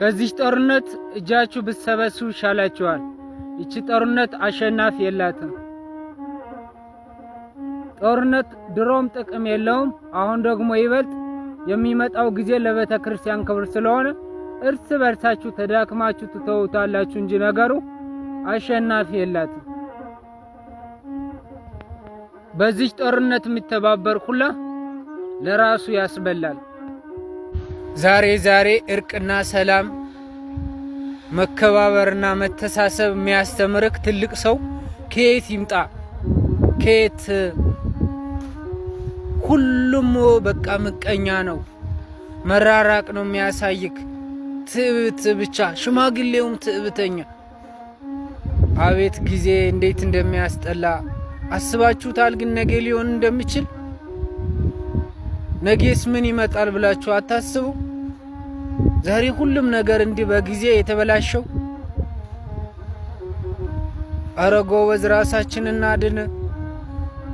ከዚህ ጦርነት እጃችሁ ብትሰበሱ ይሻላችኋል። ይቺ ጦርነት አሸናፊ የላትም። ጦርነት ድሮም ጥቅም የለውም። አሁን ደግሞ ይበልጥ የሚመጣው ጊዜ ለቤተ ክርስቲያን ክብር ስለሆነ እርስ በርሳችሁ ተዳክማችሁ ትተውታላችሁ እንጂ ነገሩ አሸናፊ የላትም። በዚህ ጦርነት የሚተባበር ሁላ ለራሱ ያስበላል። ዛሬ ዛሬ እርቅና ሰላም መከባበርና መተሳሰብ የሚያስተምርክ ትልቅ ሰው ከየት ይምጣ? ከየት? ሁሉም በቃ ምቀኛ ነው፣ መራራቅ ነው የሚያሳይክ። ትዕብት ብቻ ሽማግሌውም ትዕብተኛ። አቤት ጊዜ እንዴት እንደሚያስጠላ አስባችሁታል? ግን ነገ ሊሆን እንደሚችል ነጌስ ምን ይመጣል ብላችሁ አታስቡ። ዛሬ ሁሉም ነገር እንዲህ በጊዜ የተበላሸው። አረ ጎበዝ፣ ራሳችን እናድን።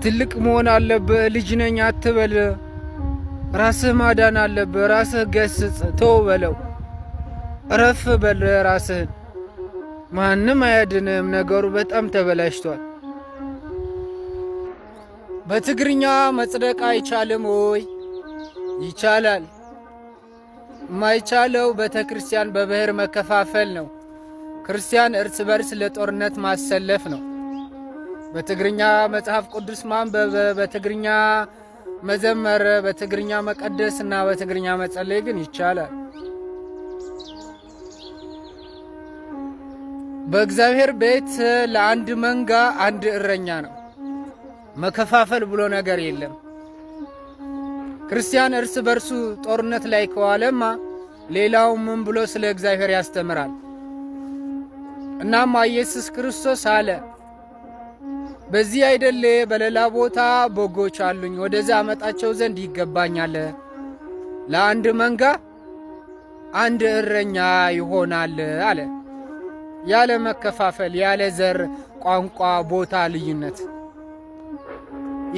ትልቅ መሆን አለብህ። ልጅ ነኝ አትበል። ራስህ ማዳን አለብህ። ራስህ ገስጽ፣ ተው በለው፣ እረፍ በል ራስህን። ማንም አያድንም። ነገሩ በጣም ተበላሽቷል። በትግርኛ መጽደቅ አይቻልም ወይ? ይቻላል። የማይቻለው ቤተ ክርስቲያን በብሔር መከፋፈል ነው። ክርስቲያን እርስ በርስ ለጦርነት ማሰለፍ ነው። በትግርኛ መጽሐፍ ቅዱስ ማንበብ፣ በትግርኛ መዘመር፣ በትግርኛ መቀደስ እና በትግርኛ መጸለይ ግን ይቻላል። በእግዚአብሔር ቤት ለአንድ መንጋ አንድ እረኛ ነው። መከፋፈል ብሎ ነገር የለም። ክርስቲያን እርስ በርሱ ጦርነት ላይ ከዋለማ ሌላው ምን ብሎ ስለ እግዚአብሔር ያስተምራል? እናማ ኢየሱስ ክርስቶስ አለ በዚህ አይደለ በሌላ ቦታ በጎች አሉኝ፣ ወደዚያ አመጣቸው ዘንድ ይገባኛል። ለአንድ መንጋ አንድ እረኛ ይሆናል አለ። ያለ መከፋፈል፣ ያለ ዘር፣ ቋንቋ፣ ቦታ ልዩነት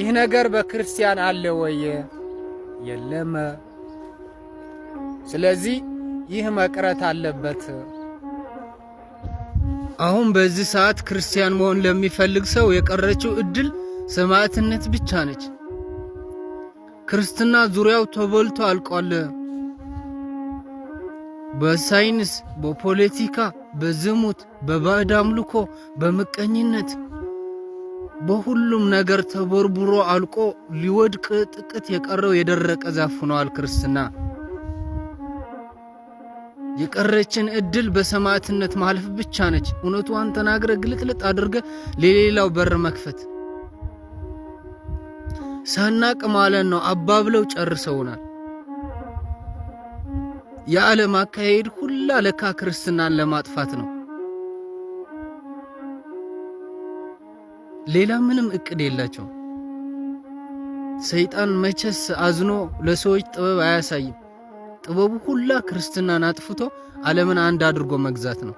ይህ ነገር በክርስቲያን አለ ወይ? የለም። ስለዚህ ይህ መቅረት አለበት። አሁን በዚህ ሰዓት ክርስቲያን መሆን ለሚፈልግ ሰው የቀረችው እድል ሰማዕትነት ብቻ ነች። ክርስትና ዙሪያው ተበልቶ አልቋል። በሳይንስ፣ በፖለቲካ፣ በዝሙት፣ በባዕድ አምልኮ፣ በምቀኝነት በሁሉም ነገር ተቦርቡሮ አልቆ ሊወድቅ ጥቅት የቀረው የደረቀ ዛፍ ሆኗል ክርስትና። የቀረችን እድል በሰማዕትነት ማለፍ ብቻ ነች። እውነቷን ተናግረ ግልጥልጥ አድርገ ለሌላው በር መክፈት ሳናቅ ማለት ነው። አባብለው ጨርሰውናል። የዓለም አካሄድ ሁላ ለካ ክርስትናን ለማጥፋት ነው። ሌላ ምንም እቅድ የላቸውም። ሰይጣን መቼስ አዝኖ ለሰዎች ጥበብ አያሳይም። ጥበቡ ሁላ ክርስትናን አጥፍቶ ዓለምን አንድ አድርጎ መግዛት ነው።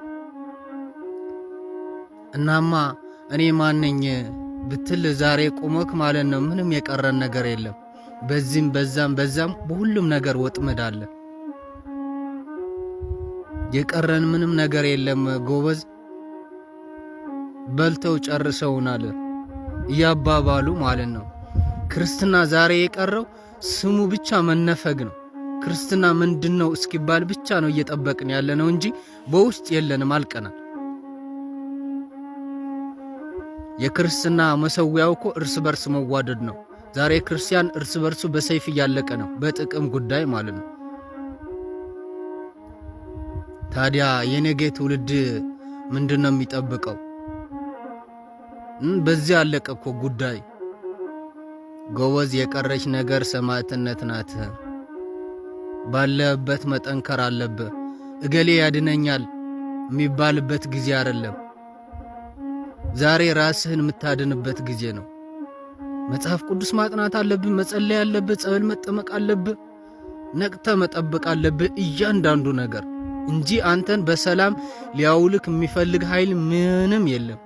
እናማ እኔ ማነኝ ብትል ዛሬ ቁመክ ማለት ነው ምንም የቀረን ነገር የለም። በዚህም በዛም በዛም በሁሉም ነገር ወጥመድ አለ። የቀረን ምንም ነገር የለም ጎበዝ። በልተው ጨርሰውናል እያባባሉ ማለት ነው። ክርስትና ዛሬ የቀረው ስሙ ብቻ መነፈግ ነው። ክርስትና ምንድን ነው እስኪባል ብቻ ነው እየጠበቅን ያለ ነው እንጂ በውስጥ የለንም፣ አልቀናል። የክርስትና መሰዊያው እኮ እርስ በርስ መዋደድ ነው። ዛሬ ክርስቲያን እርስ በርሱ በሰይፍ እያለቀ ነው፣ በጥቅም ጉዳይ ማለት ነው። ታዲያ የነገ ትውልድ ምንድን ነው የሚጠብቀው? በዚህ አለቀ እኮ ጉዳይ። ጎበዝ፣ የቀረች ነገር ሰማዕትነት ናት። ባለበት መጠንከር አለብህ። እገሌ ያድነኛል የሚባልበት ጊዜ አይደለም። ዛሬ ራስህን የምታድንበት ጊዜ ነው። መጽሐፍ ቅዱስ ማጥናት አለብህ፣ መጸለይ አለብህ፣ ጸበል መጠመቅ አለብህ፣ ነቅተ መጠበቅ አለብህ እያንዳንዱ ነገር እንጂ አንተን በሰላም ሊያውልክ የሚፈልግ ኃይል ምንም የለም።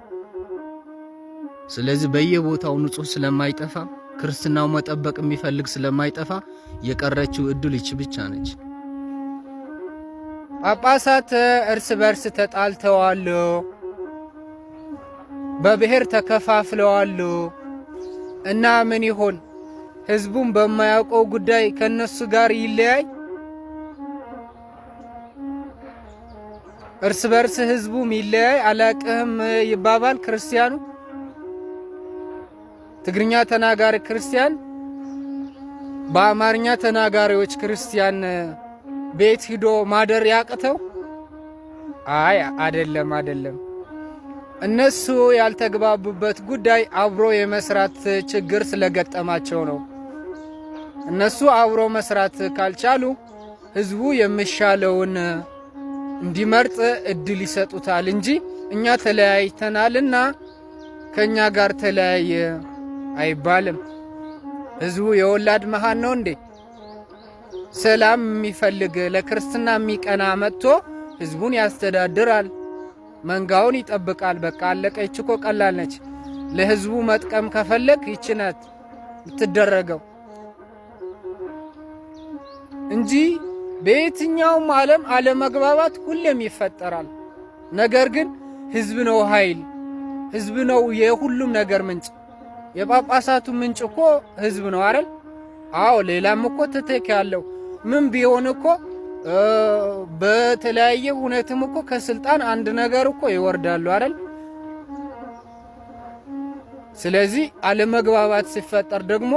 ስለዚህ በየቦታው ንጹህ ስለማይጠፋ ክርስትናው መጠበቅ የሚፈልግ ስለማይጠፋ የቀረችው እድል ይች ብቻ ነች። ጳጳሳት እርስ በርስ ተጣልተዋል፣ በብሔር ተከፋፍለዋል። እና ምን ይሆን ህዝቡን በማያውቀው ጉዳይ ከነሱ ጋር ይለያይ? እርስ በርስ ህዝቡም ይለያይ፣ አላቅህም ይባባል ክርስቲያኑ ትግርኛ ተናጋሪ ክርስቲያን በአማርኛ ተናጋሪዎች ክርስቲያን ቤት ሂዶ ማደር ያቅተው? አይ አደለም፣ አደለም። እነሱ ያልተግባቡበት ጉዳይ አብሮ የመስራት ችግር ስለገጠማቸው ነው። እነሱ አብሮ መስራት ካልቻሉ ህዝቡ የሚሻለውን እንዲመርጥ እድል ይሰጡታል እንጂ እኛ ተለያይተናልና ከእኛ ጋር ተለያየ አይባልም። ህዝቡ የወላድ መሃን ነው እንዴ? ሰላም የሚፈልግ ለክርስትና የሚቀና መጥቶ ህዝቡን ያስተዳድራል፣ መንጋውን ይጠብቃል። በቃ አለቀ። ይች እኮ ቀላል ነች። ለህዝቡ መጥቀም ከፈለግ ይች ናት የምትደረገው እንጂ በየትኛውም ዓለም አለመግባባት ሁሌም ይፈጠራል። ነገር ግን ህዝብ ነው ኃይል፣ ህዝብ ነው የሁሉም ነገር ምንጭ። የጳጳሳቱ ምንጭ እኮ ህዝብ ነው አይደል? አዎ። ሌላም እኮ ትተክ ያለው ምን ቢሆን እኮ በተለያየ እውነትም እኮ ከስልጣን አንድ ነገር እኮ ይወርዳሉ አይደል? ስለዚህ አለመግባባት ሲፈጠር ደግሞ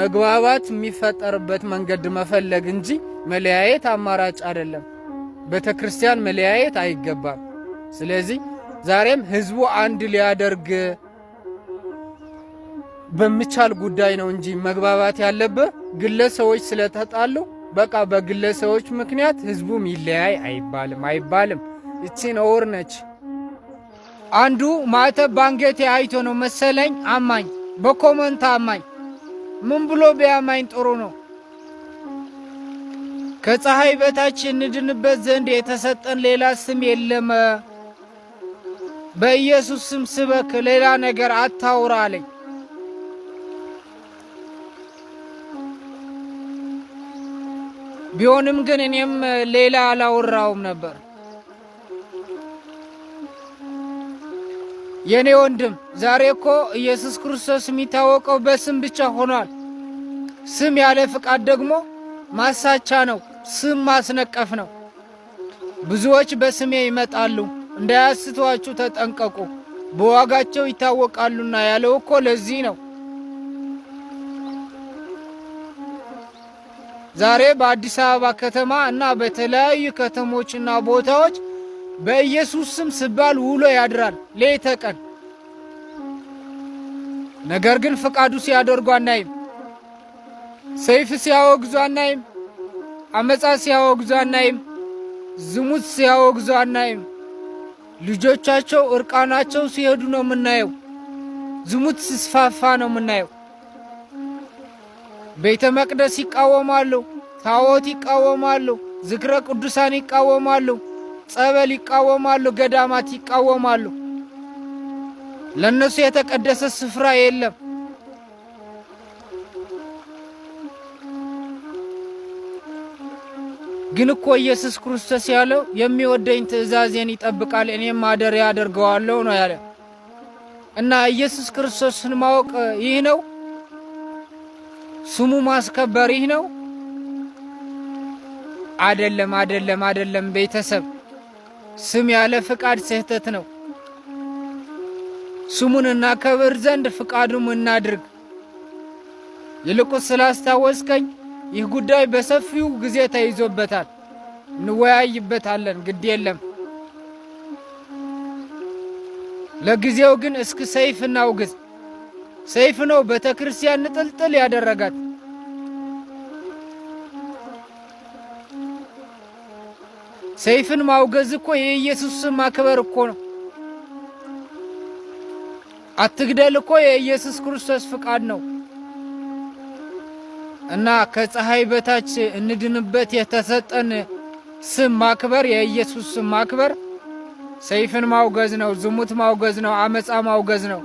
መግባባት የሚፈጠርበት መንገድ መፈለግ እንጂ መለያየት አማራጭ አይደለም። ቤተክርስቲያን መለያየት አይገባም። ስለዚህ ዛሬም ህዝቡ አንድ ሊያደርግ በሚቻል ጉዳይ ነው እንጂ መግባባት ያለብህ ግለሰቦች ስለተጣሉ በቃ በግለሰቦች ምክንያት ህዝቡም ይለያይ አይባልም አይባልም። እቺ ነውር ነች። አንዱ ማዕተብ ባንገቴ አይቶ ነው መሰለኝ አማኝ፣ በኮመንት አማኝ። ምን ብሎ ቢያማኝ ጥሩ ነው? ከፀሐይ በታች እንድንበት ዘንድ የተሰጠን ሌላ ስም የለም። በኢየሱስ ስም ስበክ፣ ሌላ ነገር አታውራ አለኝ። ቢሆንም ግን እኔም ሌላ አላወራውም ነበር። የእኔ ወንድም ዛሬ እኮ ኢየሱስ ክርስቶስ የሚታወቀው በስም ብቻ ሆኗል። ስም ያለ ፍቃድ ደግሞ ማሳቻ ነው። ስም ማስነቀፍ ነው። ብዙዎች በስሜ ይመጣሉ፣ እንዳያስቷችሁ ተጠንቀቁ፣ በዋጋቸው ይታወቃሉና ያለው እኮ ለዚህ ነው። ዛሬ በአዲስ አበባ ከተማ እና በተለያዩ ከተሞችና ቦታዎች በኢየሱስ ስም ስባል ውሎ ያድራል ሌተ ቀን። ነገር ግን ፈቃዱ ሲያደርጉ አናይም፣ ሰይፍ ሲያወግዙ አናይም፣ አመፃ ሲያወግዙ አናይም፣ ዝሙት ሲያወግዙ አናይም። ልጆቻቸው እርቃናቸው ሲሄዱ ነው የምናየው። ዝሙት ሲስፋፋ ነው የምናየው። ቤተ መቅደስ ይቃወማሉ፣ ታቦት ይቃወማሉ፣ ዝክረ ቅዱሳን ይቃወማሉ፣ ጸበል ይቃወማሉ፣ ገዳማት ይቃወማሉ። ለእነሱ የተቀደሰ ስፍራ የለም። ግን እኮ ኢየሱስ ክርስቶስ ያለው የሚወደኝ ትእዛዜን ይጠብቃል እኔም ማደሪያ አደርገዋለሁ ነው ያለ እና ኢየሱስ ክርስቶስን ማወቅ ይህ ነው። ስሙ ማስከበር ይህ ነው? አደለም፣ አደለም፣ አደለም። ቤተሰብ ስም ያለ ፍቃድ ስህተት ነው። ስሙን እናከብር ዘንድ ፍቃዱም እናድርግ። ይልቁስ ስላስታወስከኝ ይህ ጉዳይ በሰፊው ጊዜ ተይዞበታል፣ እንወያይበታለን። ግድ የለም። ለጊዜው ግን እስክ ሰይፍ እናውግዝ። ሰይፍ ነው ቤተ ክርስቲያን ንጥልጥል ያደረጋት። ሰይፍን ማውገዝ እኮ የኢየሱስ ስም ማክበር እኮ ነው። አትግደል እኮ የኢየሱስ ክርስቶስ ፍቃድ ነው እና ከፀሐይ በታች እንድንበት የተሰጠን ስም ማክበር የኢየሱስ ስም ማክበር ሰይፍን ማውገዝ ነው፣ ዝሙት ማውገዝ ነው፣ አመፃ ማውገዝ ነው።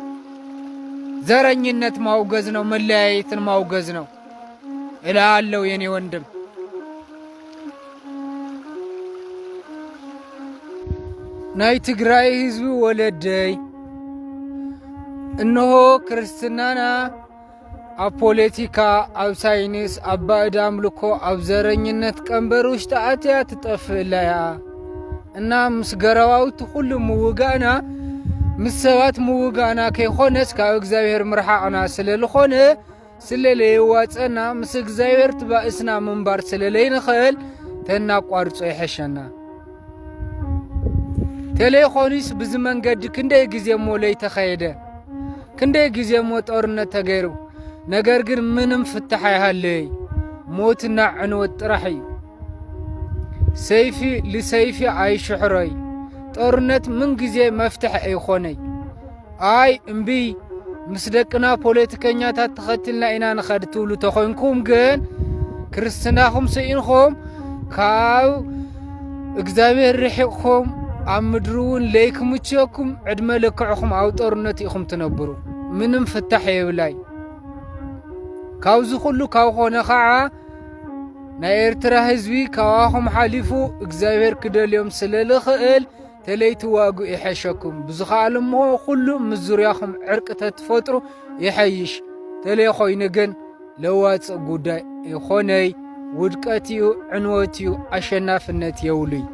ዘረኝነት ማውገዝ ነው፣ መለያየትን ማውገዝ ነው እላለው የኔ ወንድም። ናይ ትግራይ ህዝቢ ወለደይ እንሆ ክርስትናና ኣብ ፖለቲካ ኣብ ሳይንስ ኣብ ባእድ ኣምልኮ ኣብ ዘረኝነት ቀንበር ውሽጢ ኣትያ ትጠፍእ እና ምስ ገረባዊቲ ኩሉ ምውጋእና ምስ ሰባት ምውጋእና ከይኮነስ ካብ እግዚኣብሔር ምርሓቕና ስለ ዝኾነ ስለለየዋፀና ምስ እግዚኣብሔር ትባእስና ምንባር ስለለይንኽእል ተናቋርጾ ይሐሸና ተለይኮኑስ ብዚ መንገዲ ክንደይ ግዜ እሞ ለይተኸየደ ክንደይ ግዜ እሞ ጦርነት ተገይሩ ነገር ግን ምንም ፍትሕ ኣይሃለይ ሞትና ዕንወት ጥራሕ እዩ ሰይፊ ልሰይፊ ኣይሽሕሮይ ጦርነት ምንጊዜ መፍትሕ ኣይኮነይ ኣይ እምቢ ምስ ደቅና ፖለቲከኛታት ተኸትልና ኢና ንኸድ ትብሉ ተኾንኩም ግን ክርስትናኹም ስኢንኹም ካብ እግዚኣብሔር ርሒቕኩም ኣብ ምድሪ እውን ለይክምችየኩም ዕድመ ልክዕኹም ኣብ ጦርነት ኢኹም ትነብሩ ምንም ፍታሕ የብላይ ካብዚ ኩሉ ካብ ኾነ ኸዓ ናይ ኤርትራ ህዝቢ ካብኹም ሓሊፉ እግዚኣብሔር ክደልዮም ስለ ልኽእል ተለይትዋጉእ ይሐሸኩም ብዝኸኣለ እሞ ዅሉ ምስ ዙርያኹም ዕርቅተ ትፈጥሩ ይሐይሽ ተለይ ኾይኑ ግን ለዋፅእ ጉዳይ ይኾነይ ውድቀት እዩ ዕንወት እዩ ኣሸናፍነት የውሉይ